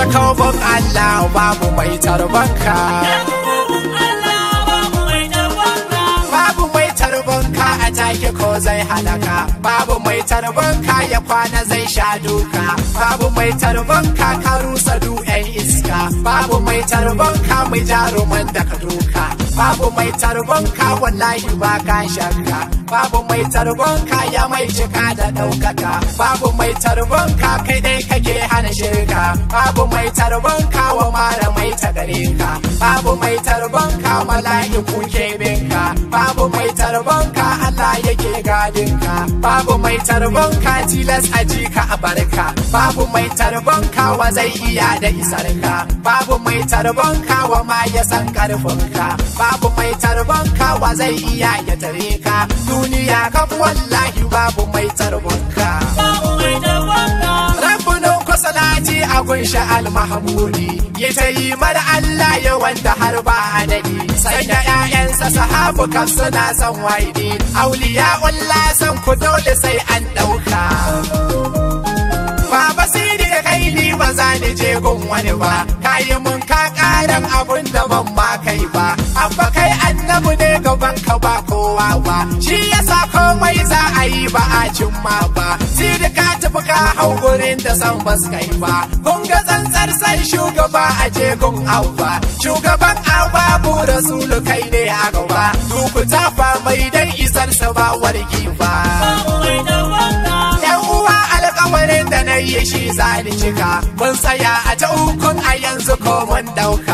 ta kawo Allah mu mai tarbanka. zai halaka babu mai tarban ka ya kwana zai sha duka babu mai tarban ka ka rusa du iska babu mai tarban ka mai jaruman da ka duka babu mai tarban ka wallahi ba ka shakka babu mai tarban ka ya mai cika da daukaka babu mai tarban ka kai dai kake hana shirka babu mai tarban ka wa mara mai ta ka babu mai tarban ka mala'iku ke yake gadin babu mai tarbon ka tilas a ji ka a barka babu mai tarbon ka wa zai iya da isar ka babu mai tarbon ka wa ma ya san karfin ka babu mai tarbon ka wa zai iya ya tare ka duniya ka wallahi babu mai tarbon ka babu mai tarbon ka rabbunan Salati a kunshi almahamudi ya ta yi mara Allah ya wanda har ba a daɗi sa sahabu kan suna son waidi auliya ulla san ku dole sai an ɗauka Baba sai da kai ni ba za ni je gun wani ba kai mun ka karan abun da ban ma kai ba abba kai annabu ne gaban ka ba kowa ba shi komai za a yi ba a cimma ba sai ka tafi ka hau gurin da san bas kai ba kun ga tsantsar san shugaba a je gun abba shugaban abba bu rasulu kai ne a gaba duku ta fa mai dan isar sa ba wargi ba alƙawarin da na yi shi za ni cika mun tsaya a ta ukun a yanzu ko mun dauka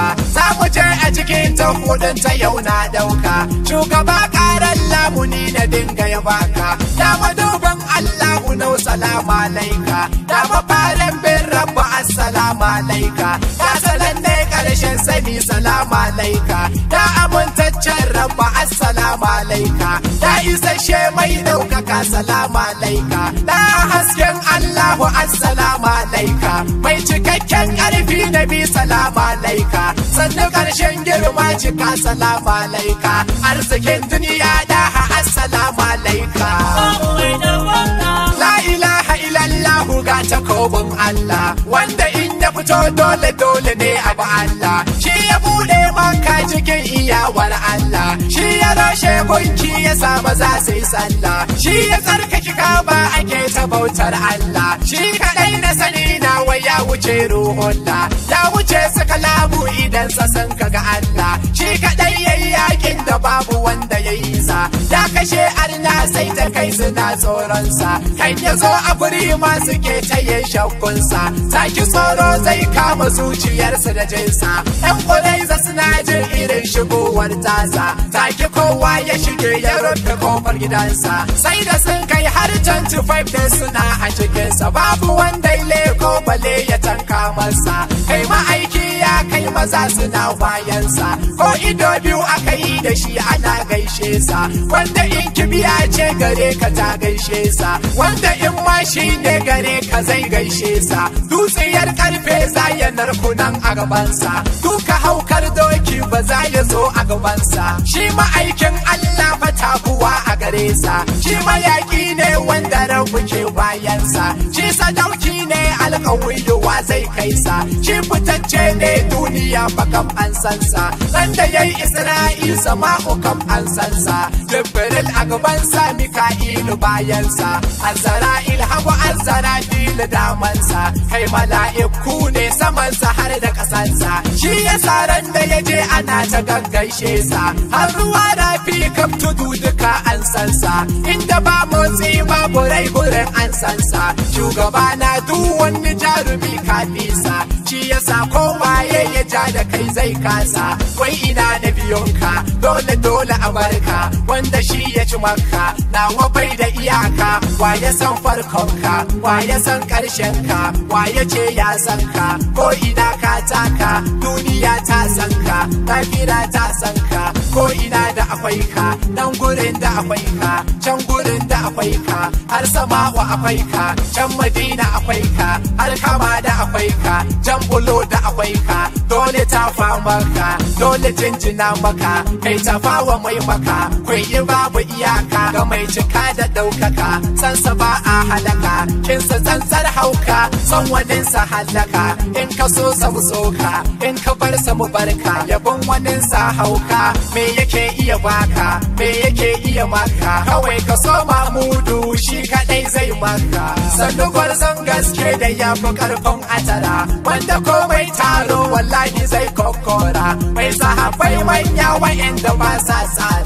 yau kudin ta yau na dauka shugaba karen lamuni na dinga ya baka da maduban allahu nau salama laika da mafarin bin rabu assalama laika da salan ne karshen sani salama laika da amintaccen rabu assalama laika da isasshe mai daukaka salama laika da hasken allahu assalama laika mai cikakken karfi na bi salama laika sannu karshen girma cika salama laika arzikin duniya da ha assalamu alaika la ilaha illallah ga takobin Allah wanda in ya fito dole dole ne abu Allah shi ya bude maka cikin iyawar Allah shi ya rashe gunki ya sa za su yi sallah shi ya tsarkake kaba ake ta bautar Allah shi kaɗai na sani na waya ya wuce ruhun ya wuce idan sa san ka ga Allah shi kaɗai yayi yakin da babu wanda yayi sa ya kashe arna sai ta kai suna tsoronsa sa kan ya zo a guri ma suke ta shakkun saki tsoro zai kama zuciyarsa da jinsa yan za suna jin irin shigowar tasa saki kowa ya shige ya rufe kofar gidansa sai da sun kai har 25 da suna a cikinsa babu wanda ya leko bale ya tanka masa maza suna bayansa ko ido biyu aka yi da shi ana gaishe sa wanda in kibiya ce gare ka ta gaishe sa wanda in ma shi ne gare ka zai gaishe sa dutsiyar karfe za ya nan a gabansa duka haukar doki ba za ya zo a gabansa shi ma'aikin Allah fa a gare sa shi mayaki ne wanda rabu ke bayansa shi sadau wani kawai da wa zai kai sa shi fitacce ne duniya ba kam an san sa dan da yayi Isra'il ko kam an san sa Jibril a gaban sa Mika'ilu bayan sa Azra'il hagu Azra'il da damansa kai mala'iku ne samansa har da kasansa shi ya saran da ya je ana ta gaggaishe sa har ruwa fi kam tudu duka an sa inda ba motsi ba burai-burai an sa shugaba na duk wani jarumi kafisa shi ya sa kowa ya ja da kai zai kasa wai ina na biyonka dole dole a barka wanda shi ya ci maka na bai da iyaka wa ya san farkonka wa ya san karshenka wa ya ce ya sanka, ko ina ka taka duniya ta sanka, ka ta sanka, ko ina da akwai ka nan gurin da akwai ka can gurin da akwai ka har wa akwai ka can madina akwai ka har kama da akwai ka can bulo da akwai ka dole ta fa maka dole jinjina maka mai ta fawa mai maka kwayi babu iyaka ga mai cika da ɗaukaka sansa ba a halaka kinsa tsantsar hauka son waninsa halaka in ka so sa mu soka in ka bar sa mu barka yabon waninsa hauka me yake iya baka me yake iya maka kawai ka so mudu. zai maka sannu gwarzon gaske da ya fi karfin atara wanda komai taro wallahi zai kokora mai wanya manya da ba sa tsara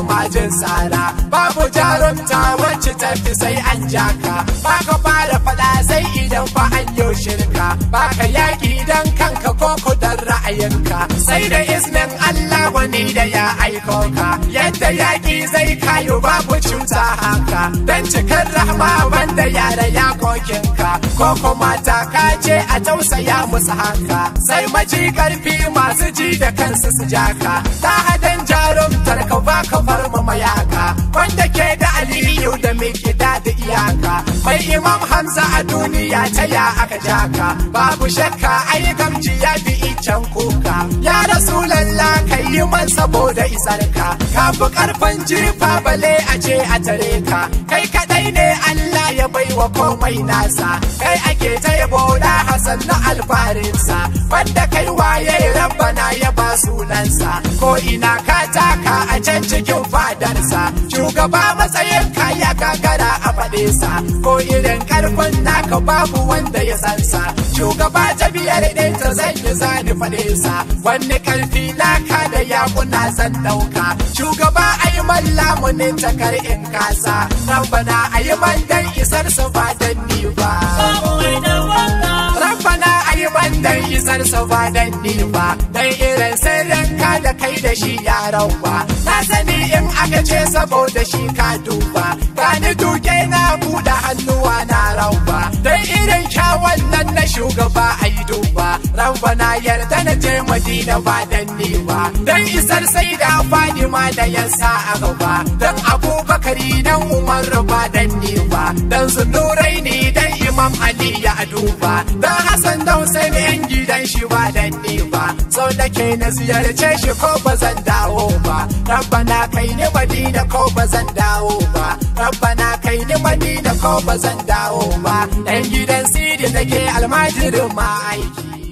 majin tsara babu jarumta wacce tafi sai an jaka ba ka fara fada sai idan fa an yo shirka ba ka yaƙi idan kanka ko kudan ra'ayinka sai da iznin Allah wani da ya aiko ka yadda yaƙi zai kayo babu cuta haka Dan cikar rahma wanda yara ya kokinka ko kuma taka ce a tausaya musu haka sai maji karfi masu ji da kansu su jaka ta hadan jarumtar Kai imam hamza a duniya ta ya aka jaka babu shakka ai gamji ya fi icen kuka ya rasulalla kai yi man saboda isarka ka fi karfin jifa bale a ce a tare ka kai kadai ne allah ya baiwa komai nasa kai ake ta yabo na Hassan na alfarinsa banda kai waye rabbana ya ba sunansa ko ina ka taka a can cikin fadarsa shugaba matsayin kaya ga. bisa ko irin karfin naka babu wanda ya san shugaba ta biyar ɗin ta zan yi zani faɗesa sa wani karfi naka da yakuna zan ɗauka shugaba ayi malla mu ta takar in kasa rabbana yi man dan isar su ba dan ni ba rabbana yi man dan isar su ba dan ni ba dan irin sirrin kai da shi yarawa na sani in aka ce saboda shi ka duba ni duke na buɗe hannuwa na rawa don irin kyawun nan na shugaba a yi duba rawa na yarda na je madina ba dan ba dan isar sai da ma da yansa a gaba don abubakari dan umar ba dan don dan zunurai ne don Imam Ali ya duba Dan Hassan da Hussein yan gidan shi ba dan ni ba Sau da ke na ziyarce shi ko ba zan dawo ba Rabbana kai ni Madina ko ba zan dawo ba Rabbana kai ni Madina ko ba zan dawo ba Dan gidan Sidi nake almajirin ma aiki